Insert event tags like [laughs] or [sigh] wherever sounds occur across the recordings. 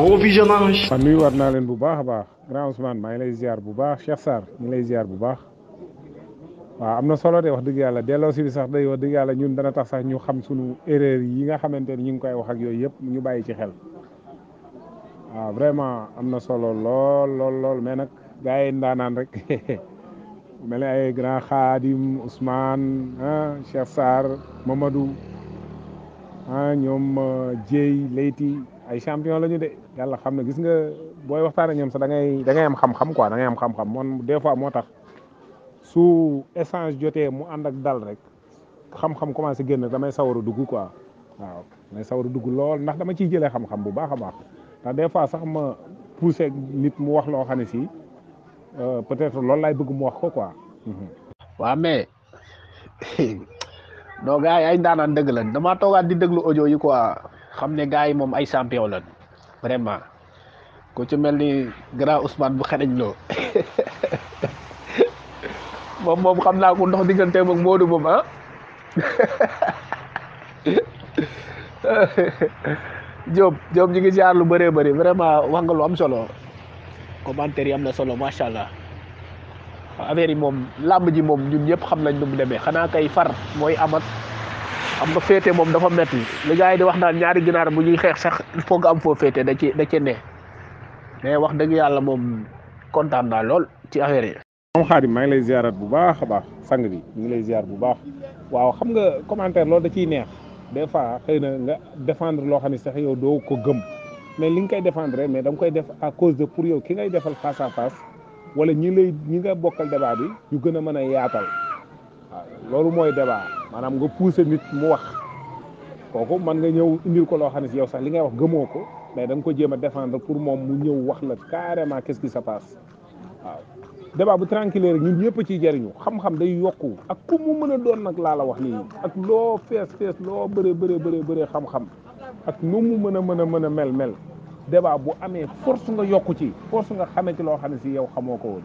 bon visionnage. waaw ah, nuyu naa leen bu baax a baax grand Ousmane maa ngi lay ziar bu baax Cheikh Sarr ñu lay ziar bu baax waaw am na solo de wax dëgg yàlla delloo si bi sax day wax dëgg yàlla ñun dana tax sax ñu xam sunu erreur yi nga xamante ni ñu ngi koy wax ak yooyu yëpp ñu bàyyi ci xel waaw vraiment am na solo lool lool lool mais nag gars yi ndaanaan rek. [laughs] mel ne ay grand Khadim Ousmane ah Cheikh Sarr Mamadou ah ñoom uh, Dieye Leyti ay champion la ñu de yàlla xam ne gis nga booy waxtaan ak ñoom sax da ngay da ngay am xam-xam quoi da am xam moom des fois moo tax su échange jotee mu ànd ak dal rek xam-xam commencé génn damay sawar a dugg quoi waaw damay sawar a dugg lool ndax dama ci jëlee xam-xam bu baax a baax ndax des fois sax ma poussé nit mu wax loo xam ne si euh, peut-être loolu laay bëgg wax ko quoi. Mhm. waa mais. [laughs] non gars yi ay ndaanaan dëgg lan damaa toogaat di déglu ojo yi quoi xam ne gars yi moom ay champion lan vraiment ku ci mel ni grand Ousmane bu xereñ loo [laughs] moom xam naa ko ndox digganteem ak Modou moom ah [laughs] Diop Diop ñu ngi ziar lu bëree bëri vraiment wax lu am solo commentaire yi am na solo macha allah. affaire yi moom làmb ji moom ñun ñëpp xam nañ nu mu demee xanaa kay far mooy amat xam nga féete moom dafa metti li gars yi di wax naan ñaari ginaar bu ñuy xeex sax il faut nga am foo féete da ci da ci ne mais wax dëgg yàlla moom kontaan naa lool ci affaire yi. moom xaadim maa ngi lay ziarat bu baax a baax sang bi ñu ngi lay ziar bu baax waaw xam nga commentaire loolu da ciy neex des fois xëy na nga défendre loo xam ne sax yow doo ko gëm mais li nga koy défendre mais da nga koy def à cause de pour yow ki ngay defal face à face. wala ñi lay ñi nga bokkal débat bi ñu gën a mën a yaatal waaw loolu mooy débat maanaam nga pousser nit mu wax kooku man nga ñëw indil ko loo xam ne si yow sax li ngay wax gëmoo ko mais da ko jéem a défendre pour moom mu ñëw wax la carrément qu'est-ce qui se passe waaw débat bu tranquille rek ñun yëpp ciy jariñu xam-xam day yokku ak ku mu mën a doon nag laa la wax nii ak loo fees fees loo bëree bëree bëree bëree xam-xam ak nu mu mën a mën a mën a mel mel débat bu amee force nga yokk ci force nga xamee ci loo xam ne si yow xamoo ko woon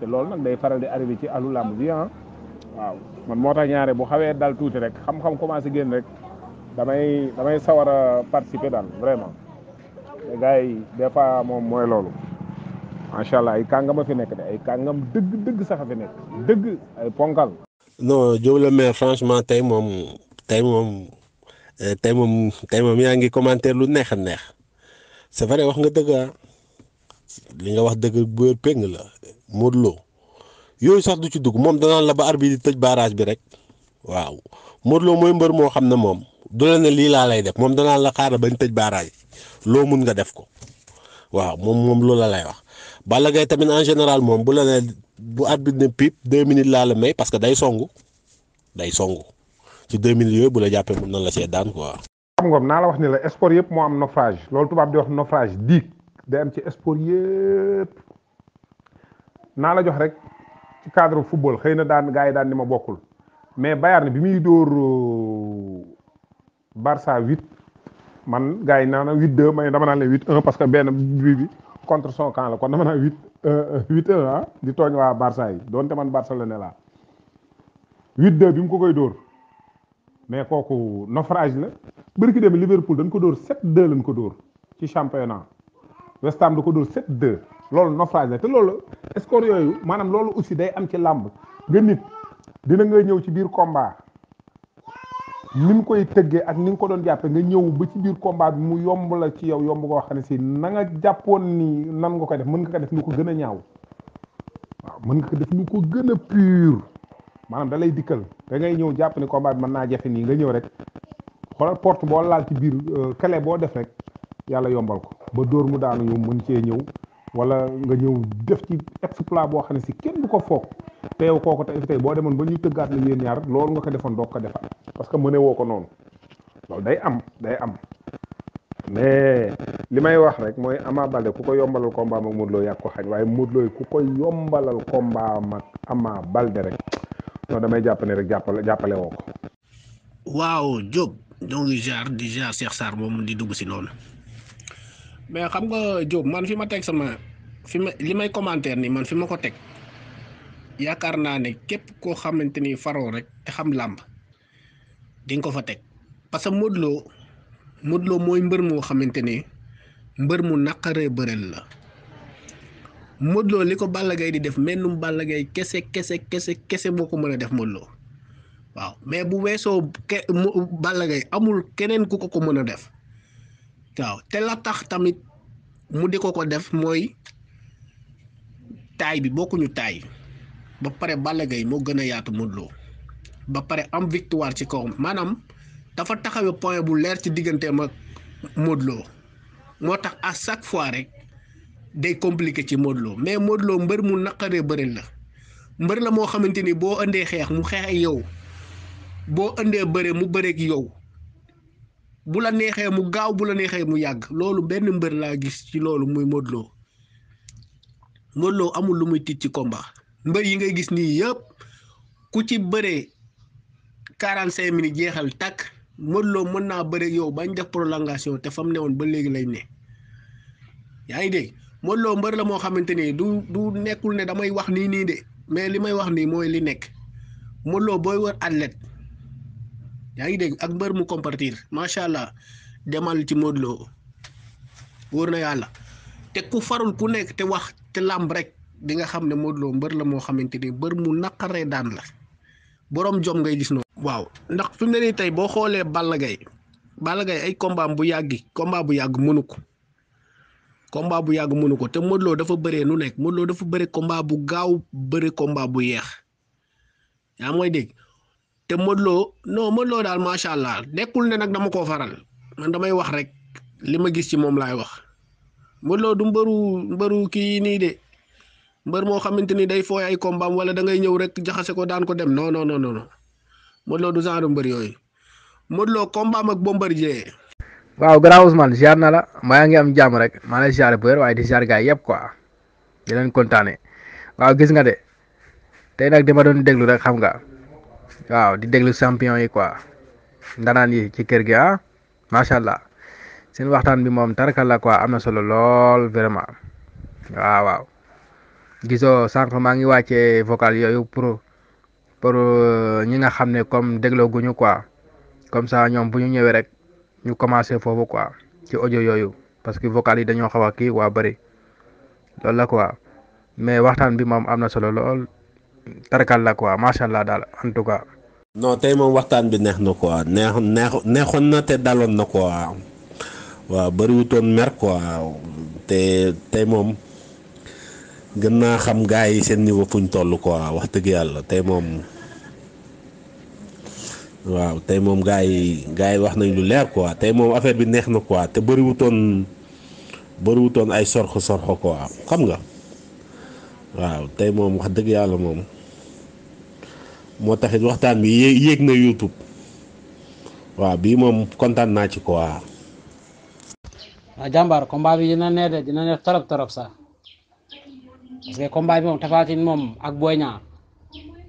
te loolu nag day faral di arrivé ci alu làmb bi ah waaw man moo tax ñaare bu xawee daal tuuti rek xam-xam commencé génn rek damay damay sawar a participer daal vraiment te gars des fois moom mooy loolu macha allah ay kàngam a fi nekk de ay kàngam dëgg dëgg sax a fi nekk dëgg ay ponkal. non Diop la mais franchement tey moom tey moom euh, tey moom tey moom yaa ngi commentaire lu neex a neex. c'est vrai wax nga dëgg ah. li nga wax dëgg bu wér péng la Modou yooyu sax du ci dugg moom danaan la ba arbitre di tëj barrage bi rek waaw Modou mooy mbër moo xam ne moom du la ne lii laa lay def moom danaan la xaaral bañ tëj barrage loo mun nga def ko waaw moom moom loolu la lay wax. bala ngay tamit en général moom bu la ne bu arbitre ne pipe deux minutes laa la may parce que day songu day songu ci deux minutes yooyu bu la jàppee mun na la see daan xam ngoom naa la wax ni la sport yëpp moo am naufrage loolu tubaab di wax naufrage diig day am ci sport yëpp naa la jox rek ci cadre football xëy na daan gars yi daan ni ma bokkul mais Bayern bi muy dóor euh, Barça 8 man gars yi naa na 8-2 may dama naa leen 8-1 parce que benn bi bi contre son la kon dama naan 8 8 euh, ah, di tooñ waa yi doonte man Barça la ne laa 8-2 bi mu ko koy dóor mais kooku naufrage la. bërki dem Liverpool dañ ko dóor 7 de lañ ko dóor ci championnat West da ko dóor 7-2 loolu naufrage la te loolu score yooyu maanaam loolu aussi day am ci làmb nga nit dina nga ñëw ci biir combat ni mu koy tëggee ak ni nga ko doon jàppee nga ñëw ba ci biir combat bi mu yomb la ci yow yomb koo xam ne si na nga jàppoon ni nan nga ko def mën nga ko def nu ko gën a ñaaw waaw mën nga ko def nu ko gën a pur maanaam da lay dikkal da ngay ñëw jàpp ni combat bi mën naa jafe nii nga ñëw rek xoolal port boo laal ci biir kale euh, boo def rek yàlla yombal ko ba dóor mu daanu ñu mën cee ñëw wala nga ñëw def ci exploit boo xam ne si kenn du ko foog te yow kooku tey tey boo demoon ba ñu tëggaat la yéen ñaar loolu nga ko defoon doo ko defaat parce que mënewoo ko noonu loolu day am day am mais li may wax rek mooy Ama Baldé ku ko yombalal combat ak Modou Lo yàgg ko xañ waaye Modou Lo ku ko yombalal combat ak Ama Baldé rek non damay jàpp ne rek jàppale jàppale woo ko. ñoo ngi jaar di jaar Cheikh sar moom di dugg si noonu mais xam nga job man fi ma teg sama fi ma li may commentaire ni man fi ma ko teg yaakaar naa ne képp koo xamante ni faroo rek te xam làmb di ko fa teg parce que modlo modlo mooy mbër moo xamante ni mbër mu naqaree bëreel la modlo li ko di def mennum Balla kese kese kese kese moo ko def modlo waaw mais bu weesoo ke Balla Gaye amul keneen ku ko ko mën a def waaw te la tax tamit mu di ko ko def mooy taay bi bokkuñu taay ba pare Balla gay moo gën a yaatu Modou ba pare am victoire ci kawam maanaam dafa taxawe point bu leer ci digganteem ak Modou moo tax à chaque fois rek day compliqué ci Modou mais Modou Lo mbër mu naqaree bëril la mbër la moo xamante ni boo indee xeex mu xeex yow boo indee bëre mu bëreeg yow bu la neexee mu gaaw bu la neexee mu yàgg loolu benn mbër laa gis ci loolu muy Modou Lo amul lu muy tiit ci combat mbër yi ngay gis nii yëpp ku ci bëree quarante cinq minutes jeexal takk Modou mën naa bëre yow bañ def prolongation te fam ne woon ba léegi lay ne yaa ngi dégg Modou mbër la moo xamante ni du du nekkul ne damay wax nii nii de mais li may wax nii mooy li nekk Modou booy wër athlète yaa ngi dégg ak mbër mu compartir macha allah demal ci Modou Lo wóor na yàlla te ku farul ku nekk te wax te làmb rek di nga xam ne Modou Lo mbër la moo xamante ni mbër mu naqaree daan la boroom jom ngay gis noonu. waaw ndax fi mu ne nii tey boo xoolee Balla Gaye Balla Gaye ay combat bu yàggi combat bu yàgg mënu ko combat bu yàgg mënu ko te Modou Lo dafa bëree nu nekk Modou Lo dafa bëri combat bu gaaw bëri combat bu yeex yaa mooy dégg. te Modou Lo non daal macha allah nekkul ne nag dama ko faral man damay wax rek li ma gis ci moom laay wax Modou Lo du mbëru mbëru kii nii de mbër moo xamante ni day fooy ay kombaam wala da ngay ñëw rek jaxase ko daan ko dem non non non non Modou Lo du genre mbër yooyu Modou Lo kombaam ak Bombardier waaw grand Ousmane ziar na la maa ngi am jàmm rek maa lay ziar bër waaye di ziar gaay yëpp quoi di leen kontaane waaw gis nga de tey nag dama doon déglu rek xam nga. waaw di déglu champion yi quoi ndanaan yi ci kër gi ah macha allah seen waxtaan bi moom tarka la quoi am na solo lool vraiment waaw waaw gisoo sànq maa ngi wàccee vocal yooyu pour pour euh, ñi nga xam ne comme dégloo guñu quoi comme sa ñoom bu ñu ñëwee rek ñu commencé foofu quoi ci audio yooyu parce que vocal yi dañoo xaw a kii waa bëri loolu la quoi mais waxtaan bi moom am na solo lool. tarkal la quoi macha allah daal en tout cas. non tey moom waxtaan bi neex na ko neex neex neexoon na te daloon na ko waaw bëriwutoon mer quoi te tey moom gën naa xam gars yi seen niveau toll quoi wax dëgg yàlla tey moom waaw tey moom gars yi gars yi wax nañ lu leer quoi tey moom affaire bi neex na quoi te bariwutoon bëriwutoon ay sorxo sorxo quoi xam nga waaw tey moom wax dëgg yàlla moom. moo taxit waxtaan bi yéeg yéeg na YouTube waaw bii moom kontaan naa ci quoi. waaw jàmbaar combat bi dina ne de dina ne torop torop sax parce que combat bi moom Tapha Tine moom ak Boy Niang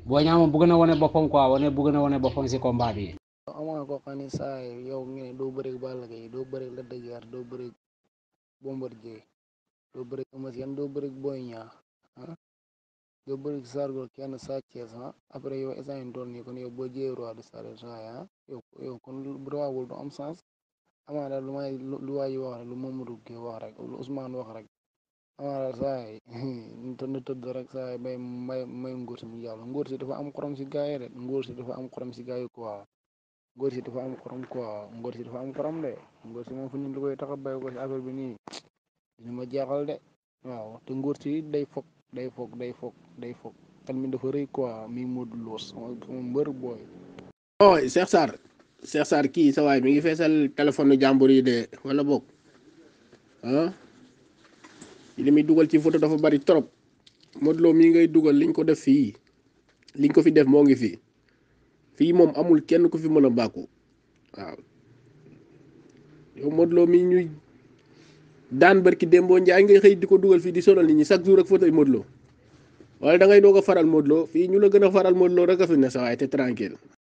Boy Niang moom bëgg na wane boppam quoi wane bëgg na wane boppam si combat bi. amoon ko xam ne yow nga ne doo bëri Balla Gaye doo bëri Lac de doo bëri Bombardier doo doo bëri Boy Niang ah. yow bëri sargol kenn Sa Thiès ah après yow instant yi [laughs] toll nii kon yow boo jiyee roi de sargol ah yow yow kon bu roi wul du am sens amaana daal lu may lu waay yi wax rek lu Mamadou Gueye wax rek lu Ousmane wax rek amaana daal saa yi na rek saa may may ngóor mu jàll ngóor si am xorom si gars yi rek ngóor si dafa am xorom si gars yi quoi ngóor si dafa am xorom quoi ngóor si dafa am xorom de ngóor si moom fu ñu lu koy tax a day fok day fok day fok tan min dafa rëy quoi mi mod los sama mbër boy oh Cheikh sar Cheikh sar ki sa way mi ngi fessel téléphone jambour yi de wala bok ah ili mi dugal ci photo dafa bari trop modlo Lo ngay dugal liñ ko def fi liñ ko fi def mo ngi fi fi mom amul kenn ku fi mën a waaw yow modlo Lo ñuy. daan barki démboo njaay ngay xëy di ko dugal fii di sonal nit ñi chaque jour ak fauteuil Modou Lo wala da ngay doog a faral Modou loo fii ñu la gën a faral Modou Lo rek a fi ne sa waaye te tranquille